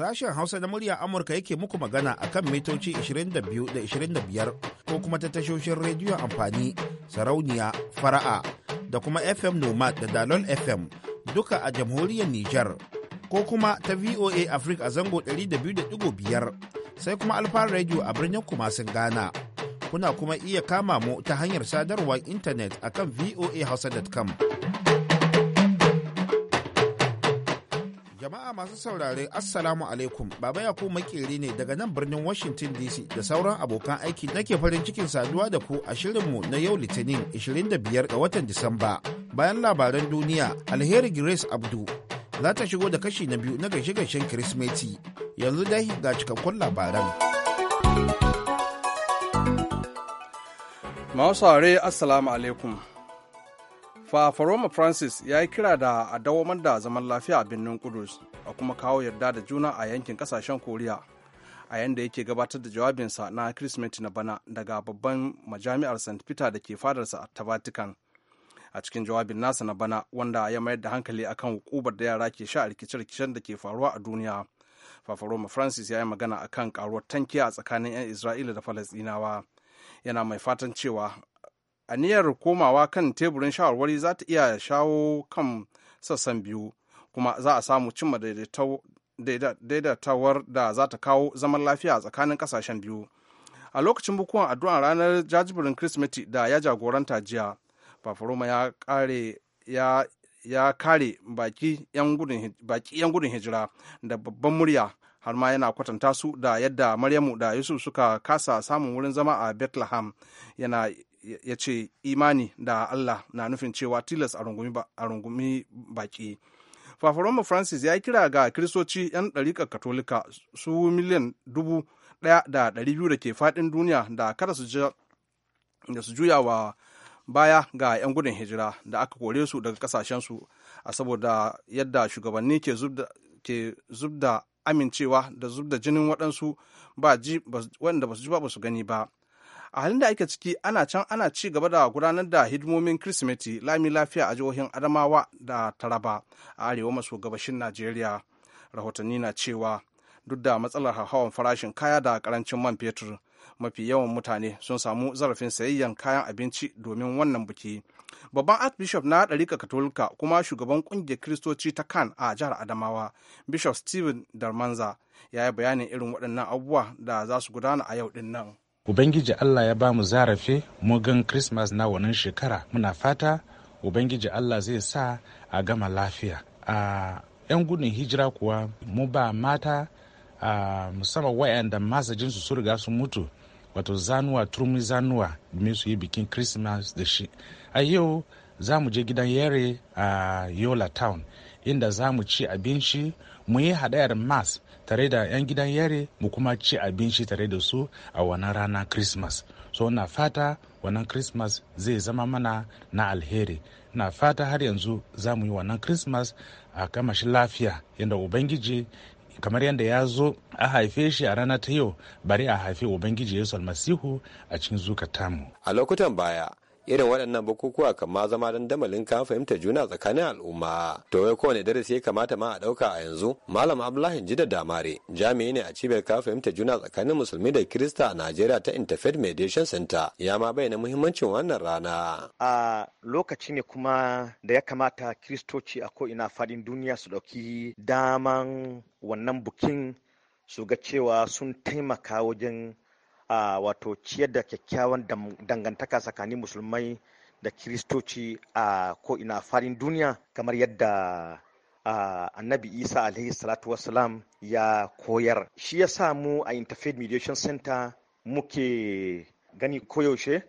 Sashen Hausa na murya Amurka yake muku magana a kan mitoci 22 da 25 ko kuma ta tashoshin rediyo amfani sarauniya fara'a da kuma FM Nomad da Dalol FM duka a jamhuriyar Nijar ko kuma ta VOA Africa a zango 200.5 sai kuma Alfa rediyo a birnin Kumasin Ghana. Kuna kuma iya kama mu ta hanyar sadarwar intanet akan voahausa.com. Jama'a masu saurare Assalamu alaikum Baba Yakubu makeri ne daga nan birnin Washington DC da sauran abokan aiki nake farin cikin saduwa da ku a shirinmu na yau Litinin 25 ga watan Disamba. Bayan labaran duniya, Alheri Grace Abdu za ta shigo da kashi na biyu na gaishe-gaishen Kirsimeti. Yanzu dai ga cikakkun labaran. Masu Assalamu alaikum. Fafaroma Francis ya yi kira da a dawamar da zaman lafiya a birnin Kudus a kuma kawo yarda da juna a yankin kasashen Koriya a yanda yake gabatar da jawabinsa na Kirsimeti na bana daga babban majami'ar St. Peter da ke fadarsa a ta Vatican. A cikin jawabin nasa na bana wanda ya mayar da hankali akan hukubar da yara ke sha a rikice-rikicen da ke faruwa a duniya. Fafaroma Francis ya yi magana akan karuwar tankiya a tsakanin 'yan Isra'ila da falasdinawa yana mai fatan cewa aniyar komawa kan teburin shawarwari za ta iya shawo kan sassan biyu kuma za a samu cimma daidaitawar da za ta kawo zaman lafiya a tsakanin kasashen biyu a lokacin bukuwan addu'a ranar jajibirin kirsimeti da ya jagoranta jiya fafaroma ya kare ya kare baki 'yan gudun hijira da babban murya har ma yana kwatanta su da yadda maryamu da yusuf suka kasa samun wurin zama a bethlehem yana ya ce imani da Allah na nufin cewa tilas a rungumi baki. Fafaroma Francis ya kira ga kiristoci 'yan ɗariƙar Katolika su miliyan dubu ɗaya da ɗari biyu da ke faɗin duniya da kada su juya wa baya ga 'yan gudun hijira da aka kore su daga kasashensu a saboda yadda shugabanni ke zubda amincewa da zubda jinin waɗansu ba ji wanda ba su ji ba su gani ba a halin da ake ciki ana can ana ci gaba da gudanar da hidimomin kirsimeti lami lafiya a jihohin adamawa da taraba a arewa maso gabashin najeriya rahotanni na cewa duk da matsalar hauhawan farashin kaya da karancin man fetur mafi yawan mutane sun samu zarafin sayayyan kayan abinci domin wannan biki. babban archbishop na ɗarika katolika kuma shugaban ƙungiyar kiristoci ta kan a jihar adamawa bishop steven darmanza ya yi bayanin irin waɗannan abubuwa da za su gudana a yau ɗin nan Ubangiji Allah ya ba mu zarafe mugan Christmas na wannan shekara muna fata Ubangiji Allah zai sa a gama lafiya. A 'yan gudun hijira kuwa mu ba mata a musamman wayanda masajinsu su riga sun mutu wato zanuwa turmi zanuwa domin su yi bikin Christmas da shi. A yau za mu je gidan yare a Yola Town inda za mu ci abinci mu yi hadayar mass tare da 'yan gidan yare mu kuma ci abinci tare da su a wannan rana christmas so na fata wannan christmas zai zama mana na alheri na fata har yanzu za mu yi wannan christmas a kamashi lafiya yadda ubangiji kamar yadda ya zo a haife shi a rana ta yau bari a haife ubangiji yesu almasihu a cikin zukatamu a lokutan baya irin waɗannan bukukuwa kan ma zama damalin ka fahimta juna tsakanin al'umma to wai kowane darasi ya kamata ma a ɗauka a yanzu malam abdullahi jida damare jami'i ne a cibiyar ka fahimta juna tsakanin musulmi da kirista a najeriya ta interfaith mediation center ya ma bayyana muhimmancin wannan rana a lokaci ne kuma da ya kamata kiristoci a ko ina faɗin duniya su ɗauki daman wannan bukin su ga cewa sun taimaka wajen a wato ciyar da kyakkyawan dangantaka tsakanin musulmai da kiristoci a ko'ina farin duniya kamar yadda annabi isa alaihi salatu wasalam ya koyar shi ya samu a interfaith mediation center muke gani koyaushe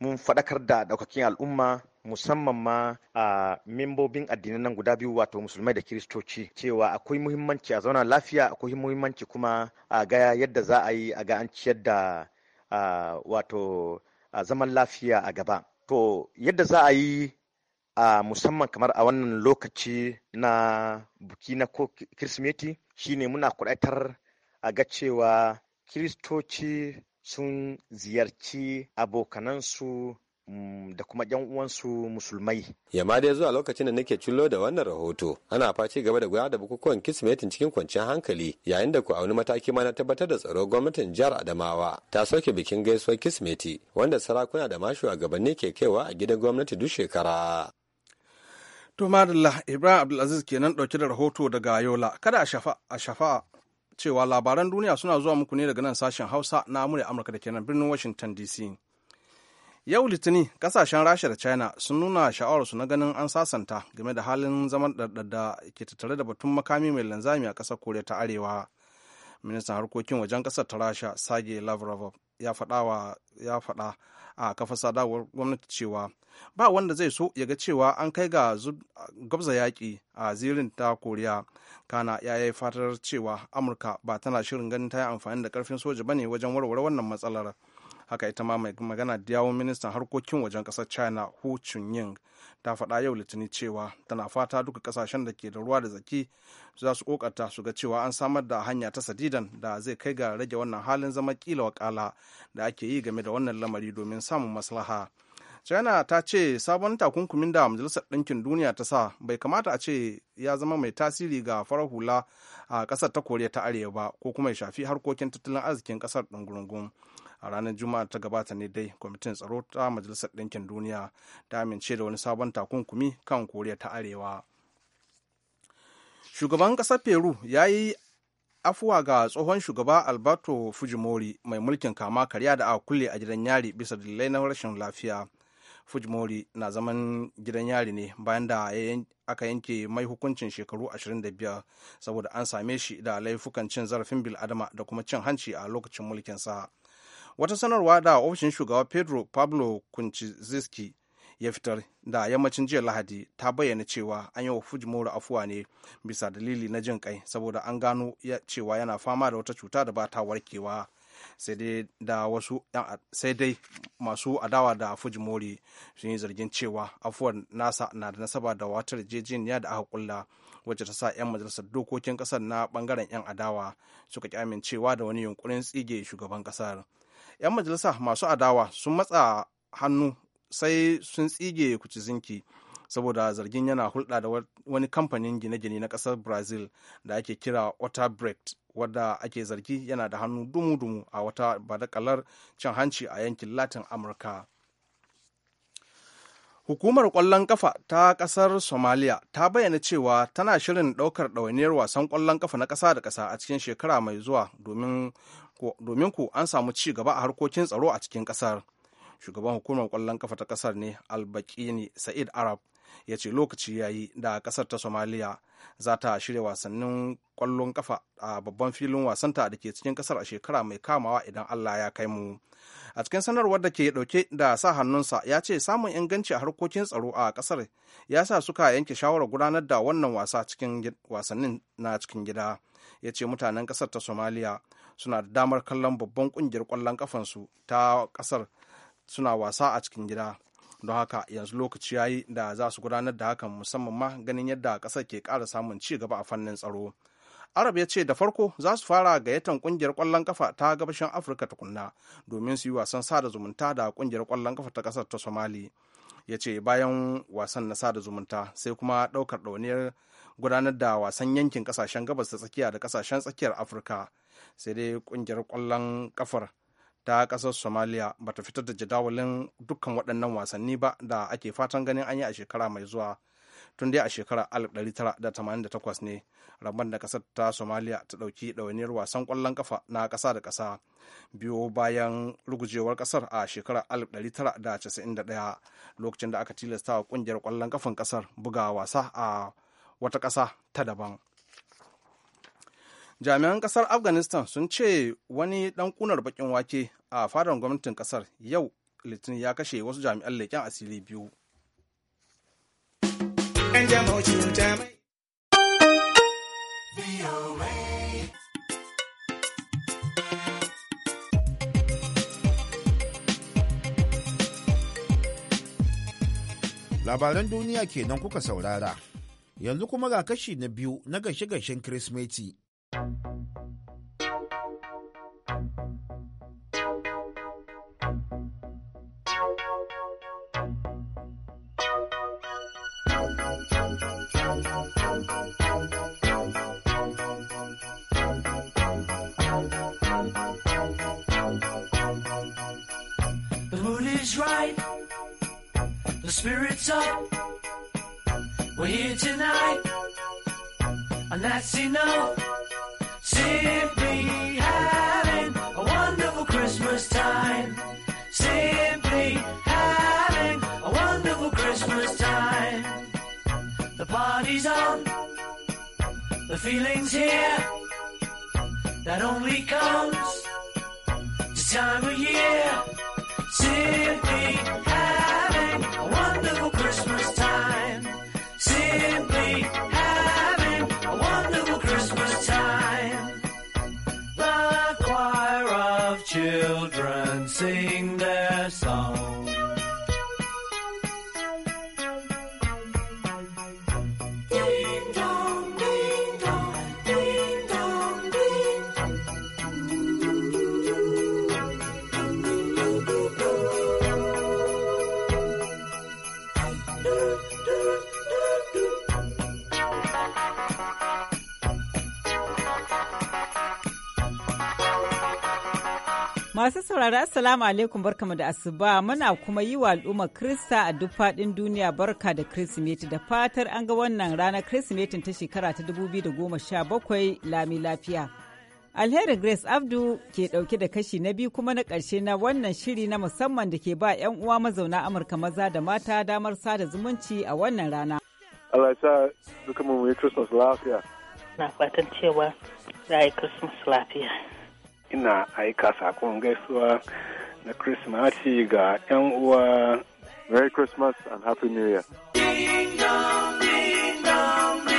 mun faɗakar da ɗaukakin al'umma musamman ma a membobin addinan nan guda biyu wato musulmai da kiristoci cewa akwai muhimmanci a zauna lafiya akwai muhimmanci kuma a ga yadda za a yi a ga an ciyar da wato a zaman lafiya a gaba to yadda za a yi a musamman kamar a wannan lokaci na buki na kirsimeti shine muna kudaitar a ga cewa kiristoci sun ziyarci abokanansu Mm, da kuma yan uwansu musulmai. Yamma dai zuwa lokacin da nake cullo da wannan rahoto ana faci gaba da gudanar da bukukuwan Kirsimetin cikin kwanciyar hankali yayin da ku auni mataki ma na tabbatar da tsaro gwamnatin jihar Adamawa ta soke bikin gaisuwar Kirsimeti wanda sarakuna da ma shugabanni ke kaiwa a gidan gwamnati duk shekara. To madalla Ibrahim Abdulaziz kenan ɗauke da rahoto daga Yola. Kada a shafa a shafa cewa labaran duniya suna zuwa muku ne daga nan sashen Hausa na Amurka da kenan birnin Washington DC. yau litinin kasashen rasha da china sun nuna sha'awarsu na ganin an sasanta game da halin zaman da ke tattare da batun makami mai linzami a ƙasar koriya ta arewa ministan harkokin wajen ƙasar ta rasha sage lavrov ya faɗa a kafar sadarwar gwamnati cewa ba wanda zai so ya ga cewa an kai ga gwabza yaƙi a zirin ta koriya kana ya yi fatar cewa amurka ba tana shirin ganin ta yi amfani da ƙarfin soja bane wajen warware wannan matsalar haka ita ma mai magana da yawon ministan harkokin wajen kasar china hu chunying ta faɗa yau litinin cewa tana fata duka ƙasashen da ke da ruwa da zaki za su ƙoƙarta su ga cewa an samar da hanya ta sadidan da zai kai ga rage wannan halin zama kila wakala da ake yi game da wannan lamari domin samun maslaha china ta ce sabon takunkumin da majalisar ɗinkin duniya ta sa bai kamata a ce ya zama mai tasiri ga farar hula a ƙasar ta koriya ta arewa ba ko kuma ya shafi harkokin tattalin arzikin ƙasar ɗungurungun a ranar juma'a ta gabata ne dai kwamitin tsaro ta majalisar ɗinkin duniya ta amince da wani sabon takunkumi kan koriya ta arewa shugaban ƙasar peru ya yi afuwa ga tsohon shugaba alberto fujimori mai mulkin kama karya da aka kulle a gidan yari bisa dalilai na rashin lafiya fujimori na zaman gidan yari ne bayan da aka yanke mai hukuncin shekaru 25 saboda an same shi da laifukan cin zarafin biladama da kuma cin hanci a lokacin mulkinsa wata sanarwa da ofishin shugaba pedro pablo kunciziski ya fitar da yammacin jiya lahadi ta bayyana cewa an yi wa fujimori afuwa ne bisa dalili na jin kai saboda an gano cewa yana fama da wata cuta da ba ta warkewa sai dai masu adawa da fujimori sun yi zargin cewa afuwar nasa na da nasaba da wata yarjejeniya da aka kulla wacce ta sa 'yan majalisar dokokin kasar na bangaren 'yan adawa suka ki amincewa da wani yunkurin tsige shugaban kasar 'yan majalisa masu adawa sun matsa hannu sai sun tsige kucizinki saboda zargin yana hulɗa da wani kamfanin gine-gine na ƙasar brazil da ake kira otterbrecht wadda ake zargi yana da hannu dumu-dumu a wata badakalar cin hanci a yankin latin amurka hukumar kwallon kafa ta kasar somalia ta bayyana cewa tana shirin ɗaukar ɗawainiyar wasan ƙwallon kafa na ƙasa da ƙasa a cikin shekara mai zuwa domin domin ku an samu ci gaba a harkokin tsaro a cikin kasar shugaban hukumar kwallon kafa ta kasar ne albakini sa'id arab ya ce lokaci ya yi da ƙasar ta somaliya za ta shirya wasannin ƙwallon kafa a babban filin wasanta da ke cikin ƙasar a shekara mai kamawa idan allah ya kai mu a cikin sanarwar da ke dauke da sa hannunsa ya ce samun inganci a harkokin tsaro a kasar ya sa suka yanke shawarar gudanar da wannan wasa cikin wasannin na cikin gida ya ce mutanen kasar ta somaliya suna da damar kallon babban kungiyar kwallon kafansu ta kasar suna wasa a cikin gida don haka yanzu lokaci ya yi da za su gudanar da hakan musamman ma ganin yadda kasar ke ƙara samun ci gaba a fannin tsaro arab ya ce da farko za su fara gayyatar kungiyar kwallon kafa ta gabashin afirka tukunna domin su yi wasan sada zumunta da kungiyar kwallon kafa ta kasar ta somali ya ce bayan wasan na sada zumunta sai kuma ɗaukar ɗauniyar gudanar da wasan yankin kasashen gabas ta tsakiya da kasashen tsakiyar afirka sai dai kungiyar kwallon kafar ta kasar somalia ba ta fitar da jadawalin dukkan waɗannan wasanni ba da ake fatan ganin an yi a shekara mai zuwa tun dai a shekara 1988 ne rabon da kasar ta somalia ta ɗauki ɗawainiyar wasan kwallon kafa na ƙasa da ƙasa biyu bayan rugujewar ƙasar a shekara 1991 lokacin da aka tilasta wa ƙungiyar kwallon kafan ƙasar buga wasa a wata ƙasa ta daban jami'an kasar afghanistan sun ce wani dan kunar bakin wake a fadar gwamnatin kasar yau litinin ya kashe wasu jami'an leƙen asiri biyu labaran duniya kenan kuka saurara yanzu kuma ga kashi na biyu na gashe-gashen kirsimeti The mood is right, the spirit's up. We're here tonight, and that's enough. Simply having a wonderful Christmas time. Simply having a wonderful Christmas time. The party's on, the feeling's here. That only comes this time of year. Simply Masu saurari Assalamu alaikum barkamu da asuba muna kuma yi wa al'umma Krista a duk faɗin duniya barka da Kirsimeti da fatar an ga wannan ranar Kirsimetin ta shekara ta 2017 lami lafiya. Alheri Grace Abdu ke ɗauke da kashi na biyu kuma na ƙarshe na wannan shiri na musamman da ke ba 'yan uwa mazauna Amurka maza da mata damar sada zumunci a wannan rana. Allah ya sa duka mu yi Christmas lafiya. Na fatan cewa za a yi Christmas lafiya. Ina aika sakon gaisuwa na Christmas ga 'yan uwa. Merry Christmas and Happy New Year. Ding dong, ding dong,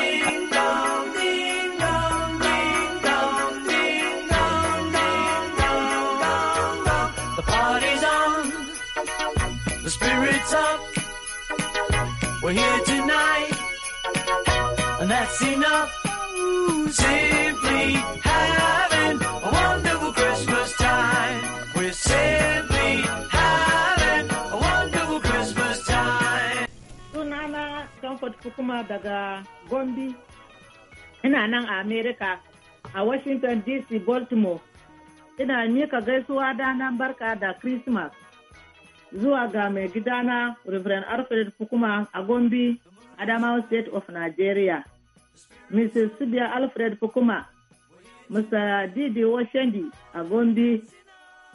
party's on. The spirit's up. We're here tonight. And that's enough. Simply having a wonderful Christmas time. We're simply having a wonderful Christmas time. Sunana Comfort Kukuma daga Gombe. Ina nan America a Washington DC Baltimore. ina mika gaisuwa da barka da Christmas zuwa ga mai gidana Reverend Alfred Fukuma a Gombe, Adamawa State of Nigeria. Mrs. Sibia Alfred Fukuma, Mr. Didi Washendi a Gombe,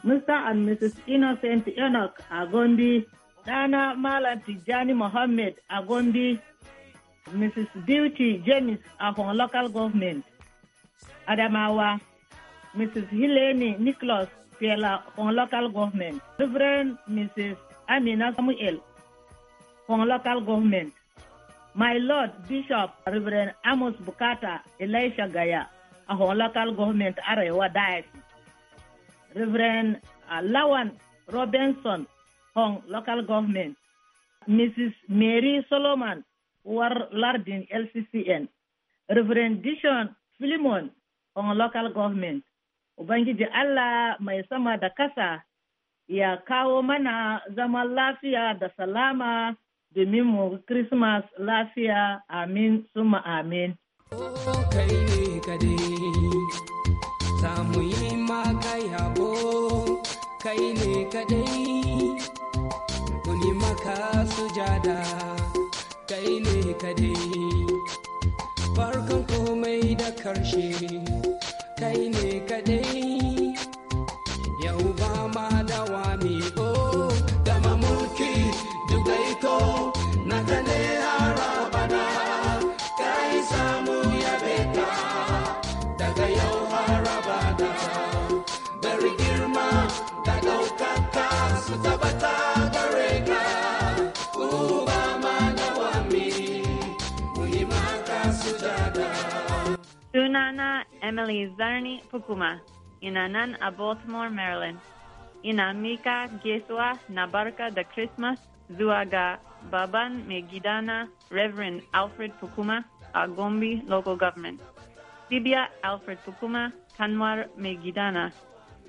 Mr. and Mrs. Innocent Enoch a Gombe, Dana Malam Tijani Mohammed a Gombe, Mrs. Beauty James a local government, Adamawa. Mrs. Helene Nicholas Piela from local government, Reverend Mrs. Amina Samuel from local government, my Lord Bishop Reverend Amos Bukata Elisha Gaya from local government Arewa Diocese, Reverend uh, Lawan Robinson from local government, Mrs. Mary Solomon War Lardin LCCN, Reverend Dishon Philemon from local government, Ubangiji Allah mai sama da kasa ya kawo mana zaman lafiya da salama domin mu Christmas lafiya amin suma amin. kai ne yi maka yabo, kai kadai, kuni maka sujada, kai ne kadai, farkon komai da karshe. kai ne kadai Emily Zarni Pukuma, in Anan Baltimore, Maryland. Inamika Geswa Nabarka the Christmas Zuaga Baban Megidana Reverend Alfred Pukuma Agombi Local Government. Sibia Alfred Pukuma Kanwar Megidana.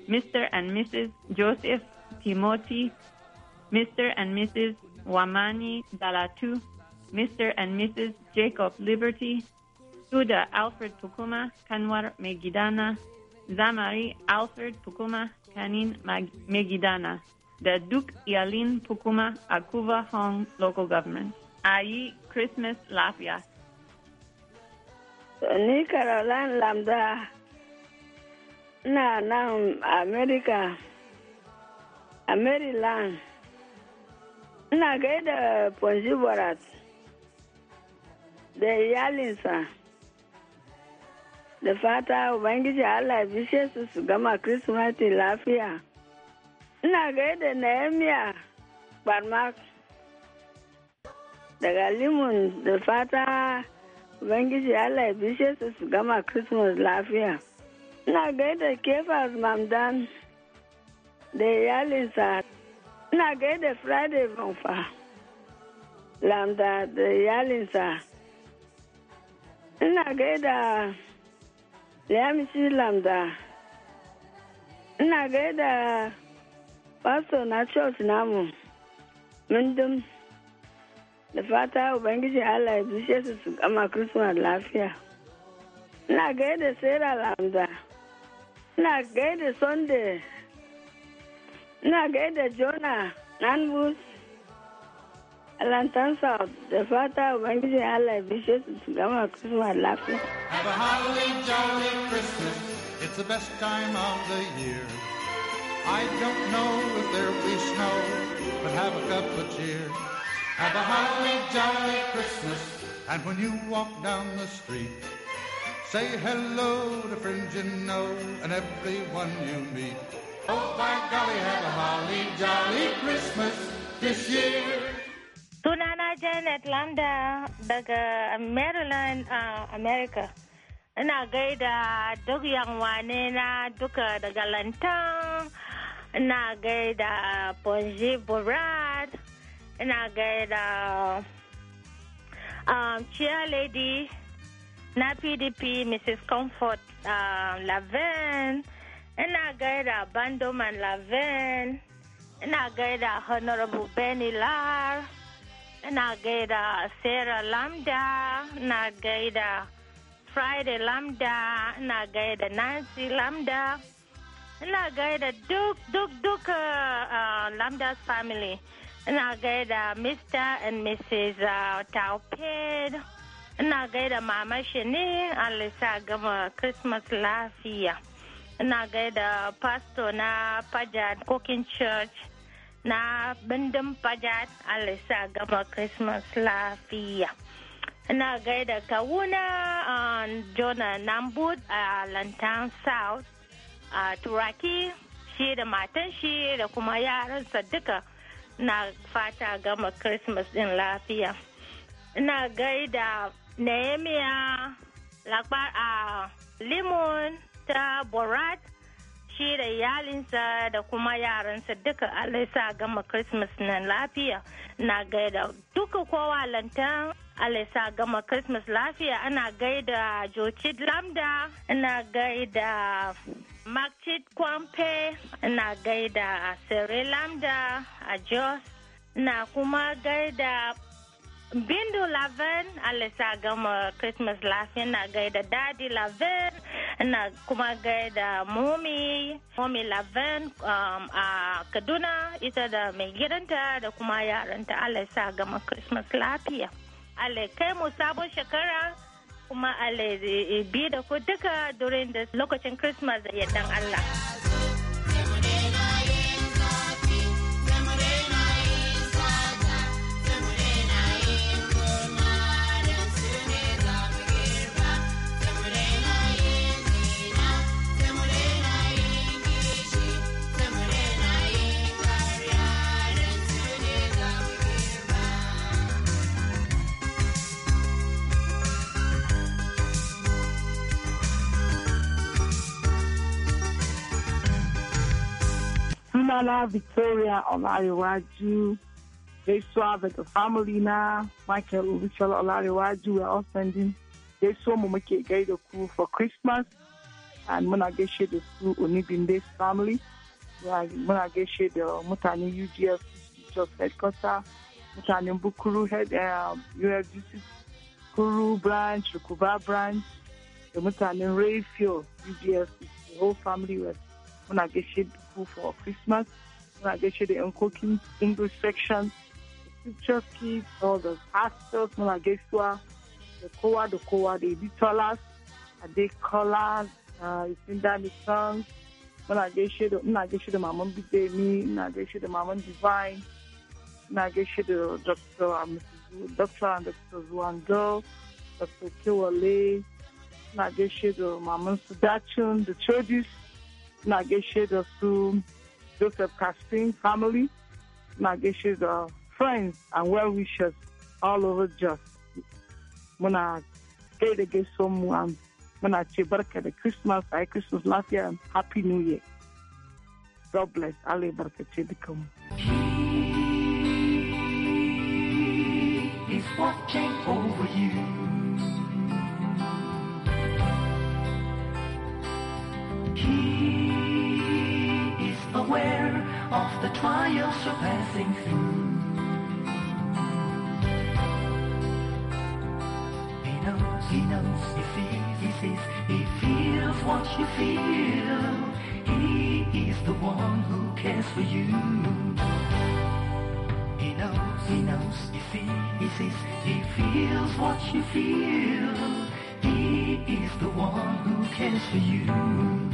Mr. and Mrs. Joseph Timoti. Mr. and Mrs. Wamani Dalatu. Mr. and Mrs. Jacob Liberty. Huda Alfred Pukuma, Kanwar Megidana, Zamari Alfred Pukuma, Kanin Megidana, the Duke Yalin Pukuma Akuva Hong Local Government. Ayi Christmas Lafia. Ni Caroline Lambda na na America, a Maryland. Ina gaida Ponzi Borat da fata ubangiji allah bishe su su gama kirsimati lafiya ina gaida nehemiya barmak daga limun da fata ubangiji allah bishe su su gama christmas lafiya ina gaida kefas mamdan da iyalinsa ina gaida friday bonfa lambda da iyalinsa ina gaida Liyamshi Lamda. Ina gaida pastor na church namu. Mundum. Da fata Ubangiji Allah ya bishe su su gama Christmas lafiya. ga gaida Sarah Lamda. Ina gaida Sunday. Ina Jona Jonah Nanbus. Lantansa, da fata Ubangiji Allah ya bishe su su gama Christmas lafiya. Have a holly jolly Christmas, it's the best time of the year. I don't know if there'll be snow, but have a cup of cheer. Have a holly jolly Christmas, and when you walk down the street, say hello to friends you know and everyone you meet. Oh, by golly, have a holly jolly Christmas this year. Janet Lambda daga Maryland, uh, America. Ina gaida duk yanwane na duka daga Lantan, ina gaida Bonji Burad, ina gaida um, Lady na PDP Mrs. Comfort uh, um, Laven, ina gaida Bandoman Laven, ina gaida Honorable Benny Lar. Nagada sarah lambda Nagada friday lambda Nagada nancy lambda Nagada Duke Duke Duke duk uh, uh, lambda's family ina mr and mrs uh, taupid ina mama shani alisa gama christmas lafiya ina gaida pastor na cooking church na bindin faja alisa gama Christmas lafiya. Ina gaida kawuna uh, Jona Nambud a Lantan South a Turaki shi da matan shi da kuma yaransa duka na fata gama Christmas din lafiya. Ina gaida Nehemiah Lakbar a Limon ta Borat shi da iyalinsa da kuma yaransa duka Allah sa gama Christmas na lafiya na gaida duka kowa lantan Allah sa gama Christmas lafiya ana gaida Jochid Lambda ina gaida Makchid Kwampe ina gaida Sere Lambda a Jos na kuma gaida Bindu Laven, Allah uh, sa gama Christmas lafiya na gaida Daddy Laven, na kuma uh, gaida Mumi, Mumi Laven um, a Kaduna, ita da mai gidanta da kuma yaranta Allah sa gama Christmas lafiya. Allah kai mu sabon shekara kuma Allah bi da ku duka during da lokacin Christmas ya dan Allah. sunana Victoria Olariwaju. saw the family now. Michael Oluchal Olariwaju. We are all sending They saw muke gaida cool for Christmas. And muna the da su Onibinde's family. Muna gaishe da mutanen UGF Jos Headquarter, mutani Bukuru Head UFDC um, Kuru branch, Rukuba branch, da mutanen Rayfield UGF, the whole family was muna gaishe da ku for Christmas, muna gaishe da yan kokin English section, teachers kids, all the pastors, muna gaisuwa da kowa da kowa da editors, a dai colors, uh, Isinda Sons, muna gaishe da ina gaishe da maman Bidemi, ina gaishe da maman Divine, ina gaishe the Dr. Dr. Uh, and Dr. Zuando, Dr. Kiwale, Kewale, ina gaishe da maman Sudachin, the churches na gaishe da su Joseph Casting family, na the da uh, friends and well wishers all over just. Muna kai da gaiso mu muna I barka Christmas, I Christmas year and Happy New Year. God bless, Allah barkace dukanmu. He is watching over you. trials are passing through. He knows, he knows, he sees, he sees, he feels what you feel. He is the one who cares for you. He knows, he knows, he sees, he sees, he feels what you feel. He is the one who cares for you.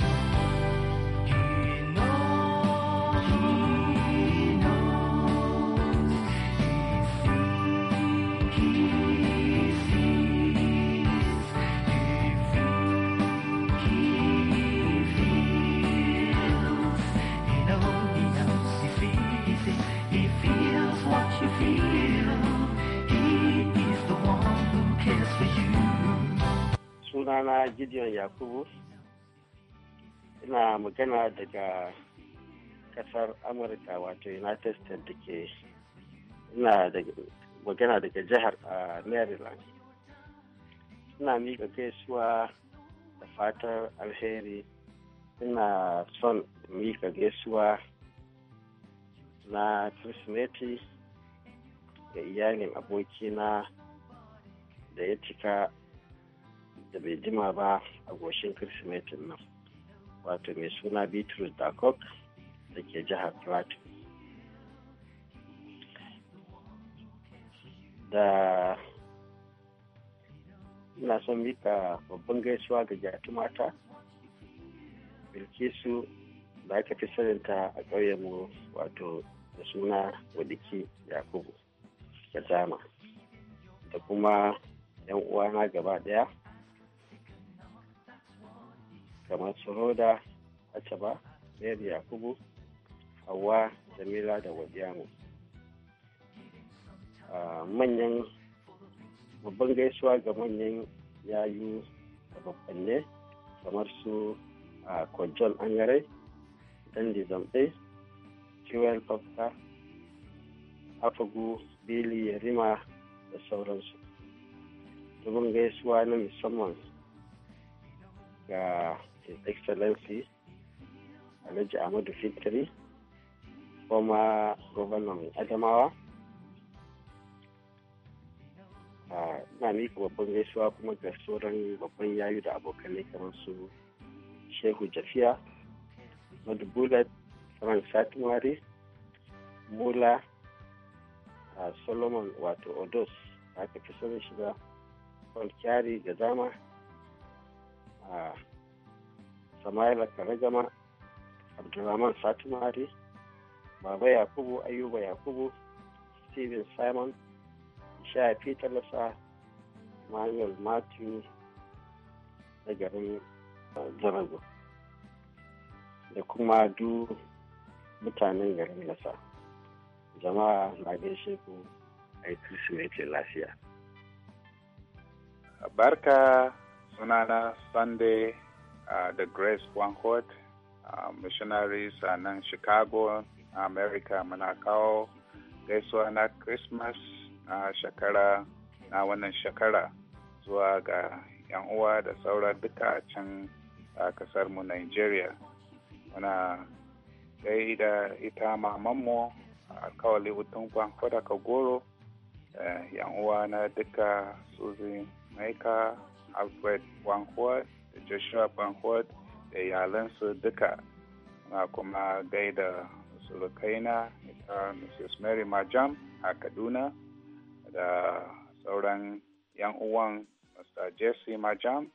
sunana gideon yakubu ina magana daga kasar amurka wato united states da ke ina magana daga jihar maryland ina miƙa gaisuwa da fatar alheri ina son miƙa gaisuwa na kirsimeti ga iyalin abokina da ya cika da bai jima ba a goshin kirsimetin nan wato mai suna bitrus cock da ke jihar plateau da ina son mika babban gaisuwa ga jati mata bilkisu da aka fi saninta a ƙauyenmu wato da suna wadiki yakubu da dama da kuma 'yan uwana gaba ɗaya kamar su roda acaba ya yakubu hawa jamila da wadiyamu manyan babban gaisuwa ga manyan yayu da babbanne kamar su a kojol angare dandi zamɗe jewel fafta afagu bili ya rima da sauransu dubin gaisuwa na musamman ga His Excellency Alhaji Ahmadu Fitri, former governor mai Adamawa. Ah, Na mika babban gaisuwa kuma ga sauran babban yayu da abokanai kamar su Shehu Jafiya, Madubulat, Saman Satinwari, Mula, ah, Solomon wato Odos, aka fi sanin shiga, Paul Kyari da dama. Ah, Sama'ila Karagama, Abdulrahman Fatimari, Baba Yakubu Ayuba Yakubu, Steven Simon, Shai Peter Lasa, Manuel Matthew da garin uh, Zarago. Da kuma du mutanen garin Lasa. Jama'a na gaishe ku a yi Kirsimeti lafiya. Barka sunana Sunday uh, the Grace Wanhot, uh, missionaries a uh, nan Chicago, America muna kawo gaisuwa na Christmas na shakara na wannan shekara zuwa ga 'yan uwa da saura duka a can a uh, kasar mu Nigeria. Muna dai da ita mamanmu a uh, kawali hutun kwanko da kagoro yan uwa na duka suzi maika alfred wankuwa joshua banford da iyalansu duka na kuma gaida surukaina ita mrs mary majam a kaduna da sauran yan uwan mr jesse majam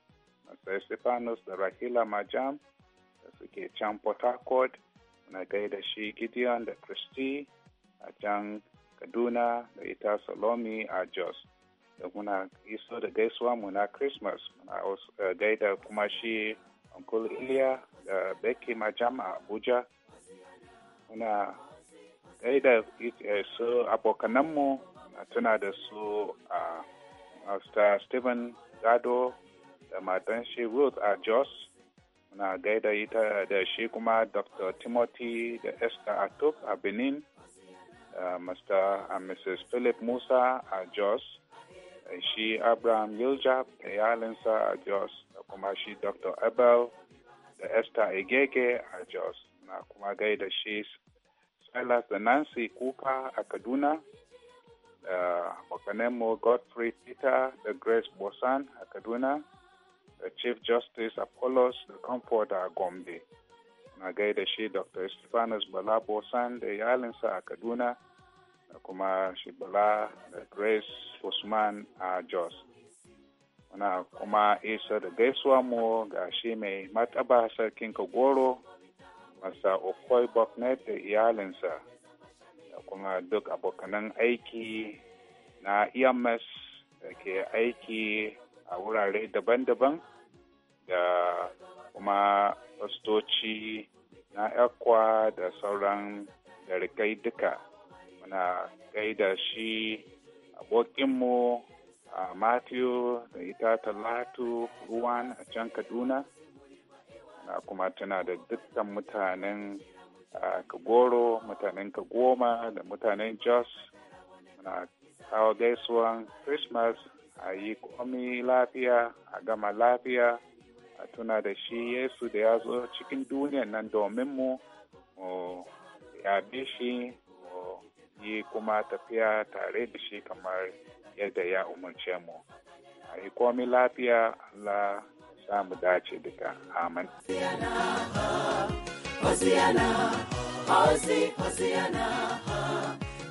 mr stephanus da rahila majam da suke can port harcourt na gaida shi gideon da christy a can kaduna da ita salomi a jos da muna iso da gaisuwa mu na christmas muna eh, gaida kuma shi uncle iliya da becky majam a abuja muna gaida eh, su abokananmu na tuna da su a Master Stephen Gado da matan shi Ruth a Jos muna gaida ita da shi kuma Dr. Timothy da Esther Atuk a Benin da Mr. and Mrs. Philip Musa a Jos Eh, shi abraham yiljap da iyalinsa a jos da kuma shi dr abel da esther egege a jos na kuma gaida shi silas da nancy kuka a kaduna da bakanenmu godfrey peter da grace bosan a kaduna da chief justice apollos da comfort a gombe na gaida shi dr stephanus bala bosan da iyalinsa a kaduna da kuma shibala da grace usman a jos muna kuma isa da gaisuwa mu ga shi mai mataba sarkin kagoro masa okoy boknet da iyalinsa da kuma duk abokanan aiki na ems da ke aiki a wurare daban-daban da kuma fastoci na ekwa da sauran darikai duka muna gaida shi abokinmu a matthew da ita talatu ruwan a can kaduna na kuma tana da dukkan mutanen kagoro mutanen kagoma da mutanen jos muna kawo gaisuwan christmas a yi komi lafiya a gama lafiya a tuna da shi yesu da ya zo cikin duniyan nan domin mu ya bi yi kuma tafiya tare da shi kamar yadda ya umarce mu a yi komi lafiya Allah za mu dace duka amin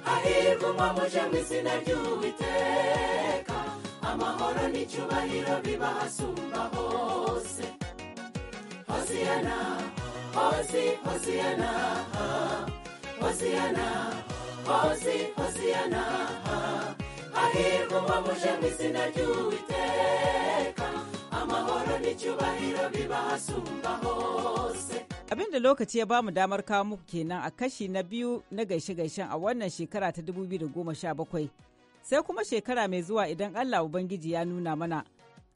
hahirwa umwamuje mu izina ry'uwiteka amahoro hosi mu amahoro hose abin da lokaci ya bamu damar kawo muku kenan a kashi na biyu na gaishe-gaishen a wannan shekara ta 2017 sai kuma shekara mai zuwa idan allah ubangiji ya nuna mana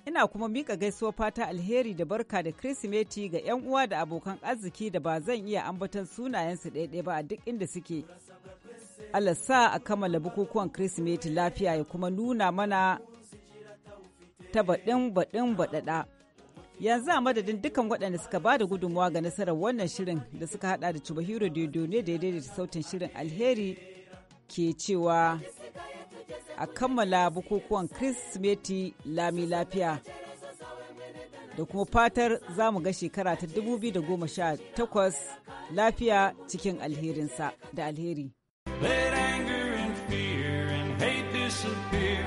ina kuma mika gaisuwa fata alheri da barka da kirsimeti ga 'yan uwa da abokan arziki da ba zan iya ambaton sunayensu ɗaiɗai ba a duk inda suke Allah sa a kammala bukukuwan Kirsimeti lafiya ya kuma nuna mana ta baɗin baɗin baɗaɗa. Yanzu a madadin dukkan waɗanda suka ba da gudunmawa ga nasarar wannan shirin da suka haɗa da Chubahiro Dodo ne da da sautin shirin alheri ke cewa a kammala bukukuwan Kirsimeti lami lafiya. Da kuma fatar za mu ga shekara ta 2018 lafiya cikin alherinsa da alheri. Let anger and fear and hate disappear.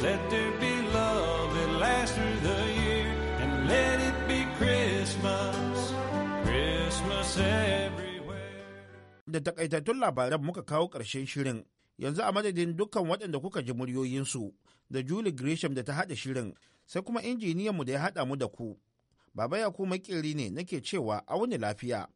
Let there be love that lasts through the year. And let it be Christmas, Christmas everywhere. Da takaitattun labaran muka kawo ƙarshen shirin. Yanzu a madadin dukkan waɗanda kuka ji muryoyinsu da Julie Gresham da ta haɗa shirin, sai kuma injiniyanmu da ya haɗa mu da ku. Baba ya kuma ne nake cewa a wani lafiya.